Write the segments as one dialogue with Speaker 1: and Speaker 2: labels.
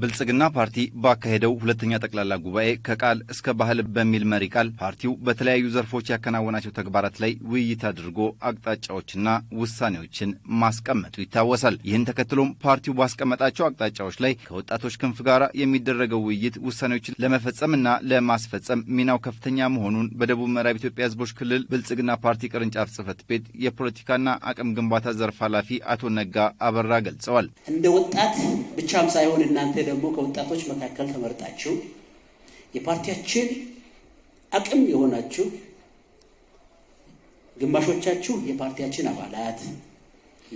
Speaker 1: ብልጽግና ፓርቲ ባካሄደው ሁለተኛ ጠቅላላ ጉባኤ ከቃል እስከ ባህል በሚል መሪ ቃል ፓርቲው በተለያዩ ዘርፎች ያከናወናቸው ተግባራት ላይ ውይይት አድርጎ አቅጣጫዎችና ውሳኔዎችን ማስቀመጡ ይታወሳል። ይህን ተከትሎም ፓርቲው ባስቀመጣቸው አቅጣጫዎች ላይ ከወጣቶች ክንፍ ጋር የሚደረገው ውይይት ውሳኔዎችን ለመፈጸምና ለማስፈጸም ሚናው ከፍተኛ መሆኑን በደቡብ ምዕራብ ኢትዮጵያ ሕዝቦች ክልል ብልጽግና ፓርቲ ቅርንጫፍ ጽህፈት ቤት የፖለቲካና አቅም ግንባታ ዘርፍ ኃላፊ አቶ ነጋ አበራ ገልጸዋል።
Speaker 2: እንደ ወጣት ብቻም ሳይሆን እናንተ ደግሞ ከወጣቶች መካከል ተመርጣችሁ የፓርቲያችን አቅም የሆናችሁ ግማሾቻችሁ የፓርቲያችን አባላት፣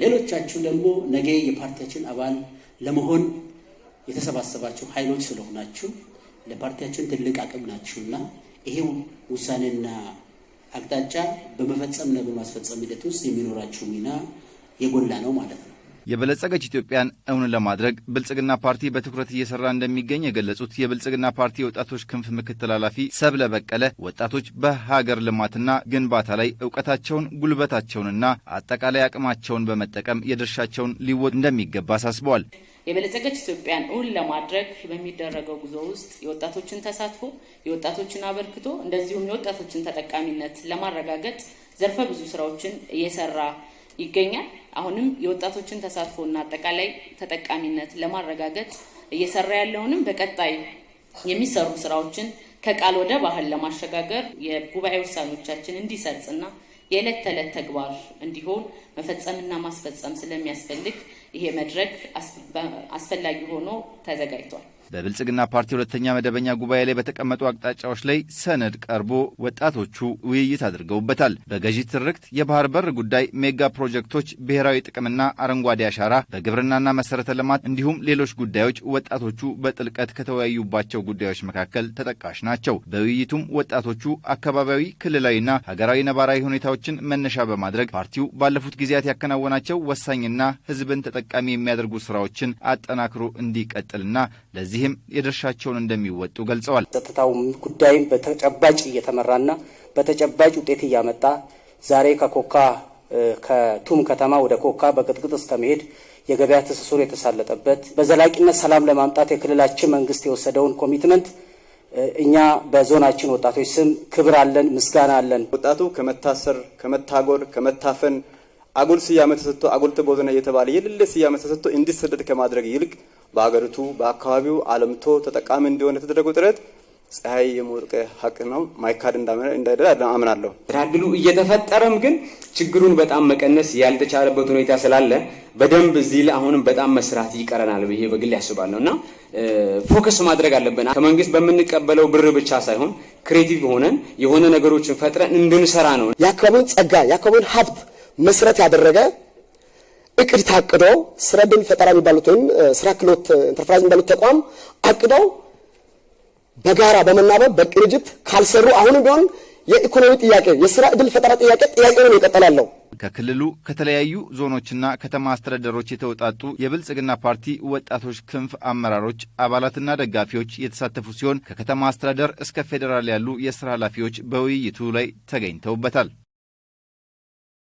Speaker 2: ሌሎቻችሁ ደግሞ ነገ የፓርቲያችን አባል ለመሆን የተሰባሰባችሁ ኃይሎች ስለሆናችሁ ለፓርቲያችን ትልቅ አቅም ናችሁና ይሄው ውሳኔና አቅጣጫ በመፈጸምና በማስፈጸም ሂደት ውስጥ የሚኖራችሁ ሚና የጎላ ነው ማለት ነው።
Speaker 1: የበለጸገች ኢትዮጵያን እውን ለማድረግ ብልጽግና ፓርቲ በትኩረት እየሰራ እንደሚገኝ የገለጹት የብልጽግና ፓርቲ የወጣቶች ክንፍ ምክትል ኃላፊ ሰብለ በቀለ ወጣቶች በሀገር ልማትና ግንባታ ላይ እውቀታቸውን፣ ጉልበታቸውንና አጠቃላይ አቅማቸውን በመጠቀም የድርሻቸውን ሊወጡ እንደሚገባ አሳስበዋል።
Speaker 3: የበለጸገች ኢትዮጵያን እውን ለማድረግ በሚደረገው ጉዞ ውስጥ የወጣቶችን ተሳትፎ፣ የወጣቶችን አበርክቶ እንደዚሁም የወጣቶችን ተጠቃሚነት ለማረጋገጥ ዘርፈ ብዙ ስራዎችን እየሰራ ይገኛል። አሁንም የወጣቶችን ተሳትፎና አጠቃላይ ተጠቃሚነት ለማረጋገጥ እየሰራ ያለውንም በቀጣይ የሚሰሩ ስራዎችን ከቃል ወደ ባህል ለማሸጋገር የጉባኤ ውሳኔዎቻችን እንዲሰርጽና የዕለት ተዕለት ተግባር እንዲሆን መፈጸምና ማስፈጸም ስለሚያስፈልግ ይሄ መድረክ አስፈላጊ ሆኖ ተዘጋጅቷል።
Speaker 1: በብልጽግና ፓርቲ ሁለተኛ መደበኛ ጉባኤ ላይ በተቀመጡ አቅጣጫዎች ላይ ሰነድ ቀርቦ ወጣቶቹ ውይይት አድርገውበታል። በገዢ ትርክት የባህር በር ጉዳይ፣ ሜጋ ፕሮጀክቶች፣ ብሔራዊ ጥቅምና አረንጓዴ አሻራ፣ በግብርናና መሰረተ ልማት እንዲሁም ሌሎች ጉዳዮች ወጣቶቹ በጥልቀት ከተወያዩባቸው ጉዳዮች መካከል ተጠቃሽ ናቸው። በውይይቱም ወጣቶቹ አካባቢያዊ፣ ክልላዊና ሀገራዊ ነባራዊ ሁኔታዎችን መነሻ በማድረግ ፓርቲው ባለፉት ጊዜያት ያከናወናቸው ወሳኝና ሕዝብን ተጠቃሚ የሚያደርጉ ስራዎችን አጠናክሮ እንዲቀጥልና ለዚህ በዚህም የድርሻቸውን እንደሚወጡ ገልጸዋል።
Speaker 2: ጸጥታው ጉዳይም በተጨባጭ እየተመራና በተጨባጭ ውጤት እያመጣ ዛሬ ከኮካ ከቱም ከተማ ወደ ኮካ በቅጥቅጥ እስከመሄድ የገበያ ትስስር የተሳለጠበት በዘላቂነት ሰላም ለማምጣት የክልላችን መንግስት የወሰደውን ኮሚትመንት እኛ በዞናችን ወጣቶች ስም ክብር አለን፣ ምስጋና አለን።
Speaker 4: ወጣቱ ከመታሰር ከመታጎር፣ ከመታፈን አጉል ስያሜ ተሰጥቶ አጉል ትቦዘነ እየተባለ የሌለ ስያሜ ተሰጥቶ እንዲሰደድ ከማድረግ ይልቅ በአገሪቱ በአካባቢው አለምቶ ተጠቃሚ እንዲሆን የተደረገው ጥረት ፀሐይ የመውደቅ ሀቅ ነው ማይካድ እንዳይደለ አምናለሁ።
Speaker 5: እድሉ እየተፈጠረም ግን ችግሩን በጣም መቀነስ ያልተቻለበት ሁኔታ ስላለ በደንብ እዚህ ላይ አሁንም በጣም መስራት ይቀረናል ብዬ በግል ያስባለሁ እና ፎከስ ማድረግ አለብን። ከመንግስት በምንቀበለው ብር ብቻ ሳይሆን ክሬቲቭ ሆነን የሆነ ነገሮችን ፈጥረን እንድንሰራ ነው።
Speaker 6: የአካባቢውን ጸጋ የአካባቢውን ሀብት መሰረት ያደረገ እቅድ ታቅዶ ስራ ዕድል ፈጠራ የሚባሉት ወይም ስራ ክህሎት ኢንተርፕራይዝ የሚባሉት ተቋም አቅደው በጋራ በመናበብ በቅንጅት ካልሰሩ አሁንም ቢሆን የኢኮኖሚ ጥያቄ የስራ ዕድል ፈጠራ ጥያቄ ጥያቄ ነው ይቀጥላለሁ።
Speaker 1: ከክልሉ ከተለያዩ ዞኖችና ከተማ አስተዳደሮች የተውጣጡ የብልጽግና ፓርቲ ወጣቶች ክንፍ አመራሮች፣ አባላትና ደጋፊዎች የተሳተፉ ሲሆን ከከተማ አስተዳደር እስከ ፌዴራል ያሉ የስራ ኃላፊዎች በውይይቱ ላይ ተገኝተውበታል።